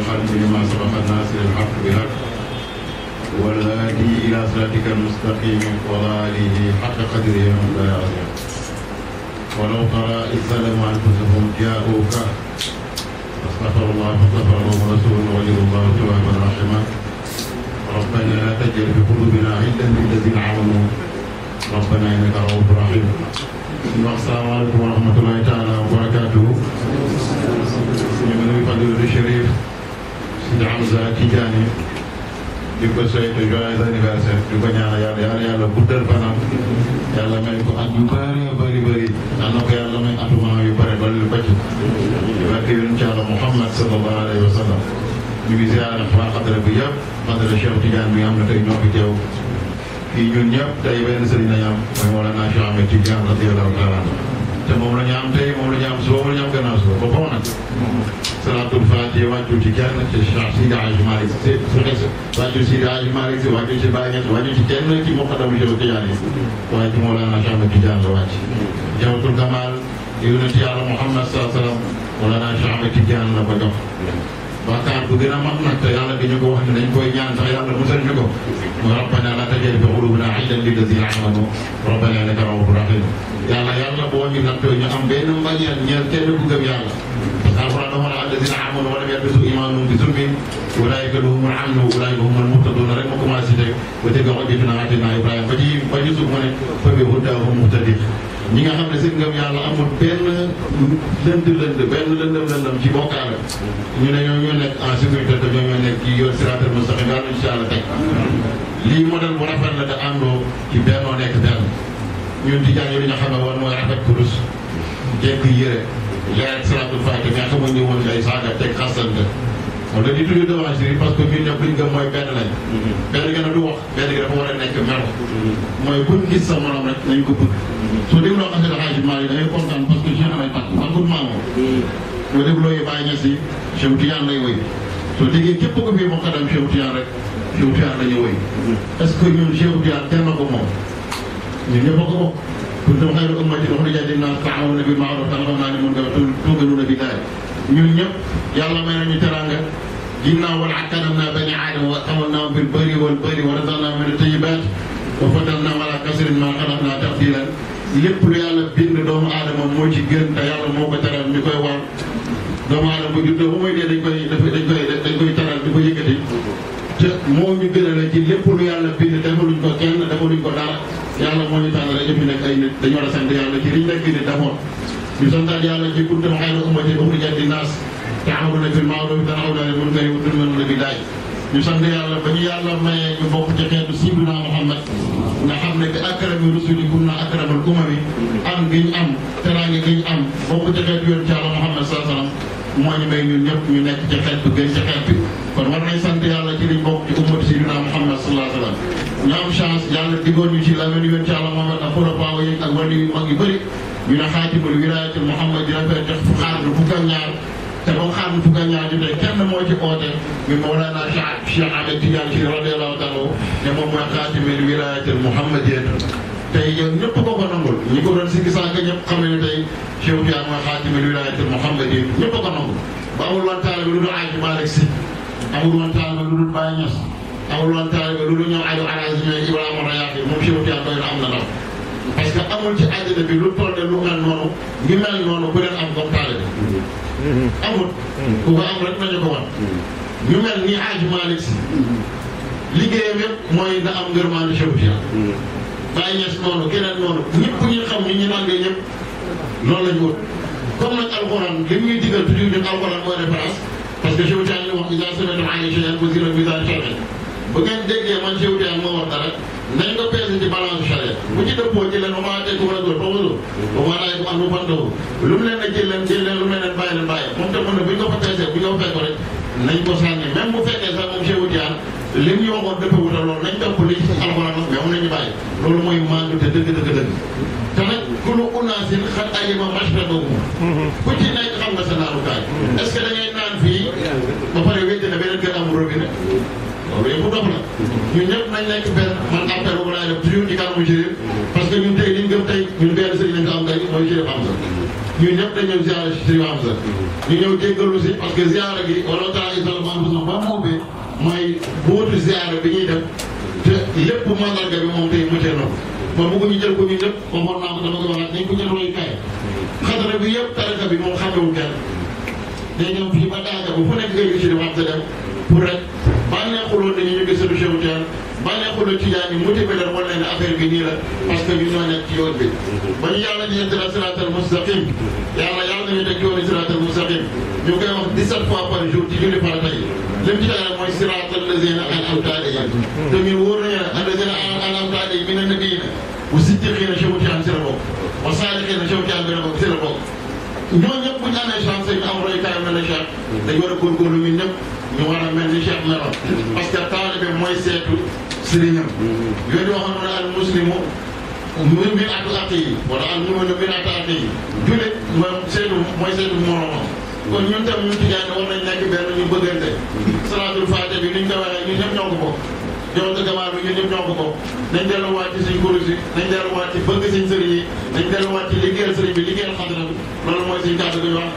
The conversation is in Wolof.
الخلق لما سبق الناس للحق بالحق والهادي إلى صراطك المستقيم وآله حق قدره ومقداره العظيم ولو ترى إذ ظلموا أنفسهم جاءوك فاستغفر الله فاستغفر لهم رسول وجد الله توابا رحما ربنا لا تجعل في قلوبنا عدا للذين آمنوا ربنا إنك رؤوف رحيم السلام عليكم ورحمة الله تعالى وبركاته Moussa Tidiane di ko souhaité sa anniversaire di ko ñaanal yàlla yàlla yàlla guddal fanam yàlla may ko at yu bëri bëri bëri yal na ko yàlla may atuma yu bëri dolli ko ci di barke yonent Yàlla Muhammad sallallahu alayhi wa sallam ñu ngi ziare waa xadra bi yëpp xadra Cheikh Tidiane bi nga xam ne tey ñoo fi teew fii ñun ñëpp tey benn sëriñ la ñu am mooy Mawlana Cheikh Ahmed Tidiane radiyallahu taala te moom la ñu am tey moom la ñu am suba moom la ñu am gannaaw suba ba foofu nag. salaatul faatiha wàccul ci kenn ci Cheikh Sidi Hadji Malick si wàccul Sidi Hadji Malick si wàccul ci Baye Niass wàccul ci kenn ci Moukhaddamou Cheikh Tidiane waaye ci Mawlana Cheikh Ahmed Tidiane la wàcc. Jawharatul Kamal yonent Yàlla Muhammad sallallahu alayhi wa sallam Mawlana Cheikh Ahmed Tidiane la ko jox. Bàkkaar bu gën a mag nag te yàlla dañu ko wax ne dañ koy ñaan sax yàlla musal ñu ko. rabbana la tajal bi qulubina illan lillazina amanu rabbana innaka raufur rahim yàlla yàlla boo ñu nattoo ñu am benn mbañeel ñeel kenn ku gëm yàlla parce que alquran dafa ne allazina amanu wa lam yalbisu imaanahum bi zulmin ulaika lahumul amnu ulaika humul muhtadun rek ma commencé teg ba teg hujjatuna aataynaa Ibrahima ba ci ba ci suuf mu ne fa bi hudahum muhtadin ñi nga xam ne seen ngëm yàlla amul benn lënd lënd benn lëndëm lëndëm ci bokkaale ñu ne ñoo nekk en sécurité te ñoo ñoo nekk ci yoon siraatal mustaqim yàlla incha allah teg lii modèle bu rafet la da àndoo ci bennoo nekk benn ñun di nga xam ne war mooy rafet kurus jekk yére yaay ne woon ngay a dit toujours que ñun mooy benn lañ mm-hmm. benn gën a du wax Mm-hmm. mooy buñ gis sa morom rek dañ ko bëgg. Mm-hmm. soo dégloo xasida Xaaj Maalik da ngay kontaan parce que jeune may tàkk man bu maamoo. Mm-hmm. soo dégloo yi bàyyi ñes yi Cheikh lay woy soo déggee képp ko fii moo ko dem Cheikh Tidiane rek Cheikh Tidiane la ñu woy. est-ce que ñun Cheikh Tidiane kenn na ko moom ñun ñëpp a ko bokk. kuntum xayra ummatin uxrijat linnaas ta'muruna bil ma'ruf wa tanhawna 'anil munkar wa tu'minuna ñun ñëpp may nañu teraanga ginnaaw wala akramnaa banii aadama wa hamalnaahum fil barri wal bahri wa razaqnaahum min at wa faddalnaa alaa kasirin maa xalaqnaa tafdiilaa lépp lu yàlla bind doomu aadama moo ci gën te yàlla moo ko teral mi koy war doomu aadama bu juddoo ba muy dee dañ koy dañ koy dañ koy teral di ko yëkkati te moo ñu gën a la ci lépp lu yàlla bind defaluñ ko kenn defaluñ ko dara yàlla moo ñu tànn rek ñu fi nekk ay nit dañu war a sant yàlla ci liñ nekk nit d'abord ñu santaat yàlla ci kuntum xayra ummatin uxrijat linnaas ta'muruna bil ma'rufi wa tanhawna 'anil munkari wa tu'minuna billahi ñu sant yàlla ba ñu yàlla mayee ñu bokk ci xeetu Seydina Muhammad nga xam ne bi akrami rusuli kunna akramal umami am gi ñu am teraange gi ñu am bokk ci xeetu yoon ci yàlla Muhammad saa salaam moo ñu may ñun ñëpp ñu nekk ci xeet bi gën ci xeet bi kon war nañ sant yàlla ci liñ bokk ci ummatu Seydina Muhammad sallallahu alayhi wa sallam ñu am chance yàlla digoon ñu ci la wen yoon ci yàlla Muhammad ak xulafaa yi ak wali yu mag yu bëri ñu ne xaatimul wilayatul Muhammad dina fee jox xaar bu fukk ak ñaar te ba xam fukk ak ñaar ñu tey kenn moo ci oote mi Mawlana Cheikh Ahmed Tidiane ci radiyallahu taala ne moom mooy xaatimil wilaayatil muhammadiyya tey yéen ñëpp ko ko nangul ñi ko doon sikki sànq ñëpp xam ne tey Cheikh Tidiane mooy xaatimil wilaayatil muhammadiyya ñëpp ko nangul ba amul woon taal bi lu dul Aji Malick Si amul woon taal bi lu dul Baye Niass amul woon taal bi lu dul ñoom Aliou Alhaj ñooy Ibrahima Rayaxi moom Cheikh Tidiane doy na am na ndaw parce que amul ci àddina bi lu toll lu mel noonu ñu mel noonu ku leen am comme taalibe mm-hmm. amul mm-hmm. ku ko am rek nañu ko wan mm-hmm. ñu mel ni Aji Malick Si liggéeyam yëpp mooy na am ngërmaande Cheikh Tidiane Baye Niass noonu keneen noonu ñëpp ñu xam ni ñu nangee ñëpp loolu la ñu wut comme nag alxuraan li ñuy digal toujours ñun alxuraan mooy référence parce que Cheikh Tidiane li wax isa sematam ané cheen basira misane bu ngeen déggee man jiw tey moo wax dara nañ ko peese ci balance charia bu ci dëppoo ci leen ba maa tegu wala góor ba ba maa laaj ko am lu bon lu mu leen a jël leen jël leen lu mel leen bàyyi leen bàyyi moom tam mën bu ñu ko fa bu ñu ko fekk rek nañ ko sànni même bu fekkee sax moom jiwu tey li mu yokkoon dëppoo wutal loolu nañ topp li ci alxuraan nag mais moom ku lu unaasin xat mm-hmm. xam nga sa naanukaay mm-hmm. est-ce que naan fii ba pare ñun ñëpp nañ nekk benn man appel boobu laay def toujours ci kanamu Chérif parce que ñun tey li ñu gëm tey ñun benn sëriñ lañ am tey mooy Chérif Hamza ñun ñëpp dañ ñëw ziare Chérif Hamza ñu ñëw jéggalu si parce que ziare gi wala taa yi sala maanaam sax ba moom bi mooy bootu ziare bi ñuy def te lépp mandarga bi moom tey mëtee na ko kon bëgg ñu jël ko ñun ñëpp comme war naa ko dama koy waxaat nañ ko jël roy kaay xadara bi yëpp tarixa bi moom xamewul kenn day ñëw fii ba daaja bu fu nekk ngay gis Chérif Hamza dem pour rek Tijaan yi multiplier wan leen affaire bi nii la parce que ñun ñoo nekk ci yoon bi mhm. ba ñu yàlla di ihdina siraatal mustaqim yàlla yàlla nañu teg yoonu siraatal mustaqim ñu koy wax 17 fois par jour ci julli farata yi li mu ci teg rek mooy siraatal lazina an'amta alayhim te ñun wóor nañu ne allazina an'amta alayhim mina nabiyyiina wa siddiqiina shuhadaa'i si la bokk wa saalihiina shuhadaa'i bi la bokk si la bokk ñooñu ñëpp bu ñu amee chance ñu am royukaay mel ne Cheikh mhm. dañu war a góorgóorlu ñun ñëpp ñu war a mel ni Cheikh meloon mhm. parce que taalibe mooy seetu sëriñam. Mm-hmm. yooyu di waxoon mu ne al muslimu min min atu aqiyi wala al mu'minu min atu aqiyi jullit mooy seetu mooy seetu moromam kon ñun tam ñun Tijaani war nañ nekk benn ñu bëggante. Mm-hmm. salaatul faate bi ni ñu ko waxee ñun ñëpp ñoo ko bokk. yow te gabaar bi ñun ñëpp ñoo ko bokk. nañ delluwaat ci suñ kuréel yi nañ delluwaat ci bëgg suñ sëriñ yi nañ delluwaat ci liggéeyal sëriñ bi liggéeyal xadra bi loolu mooy suñ kàddu gi wax.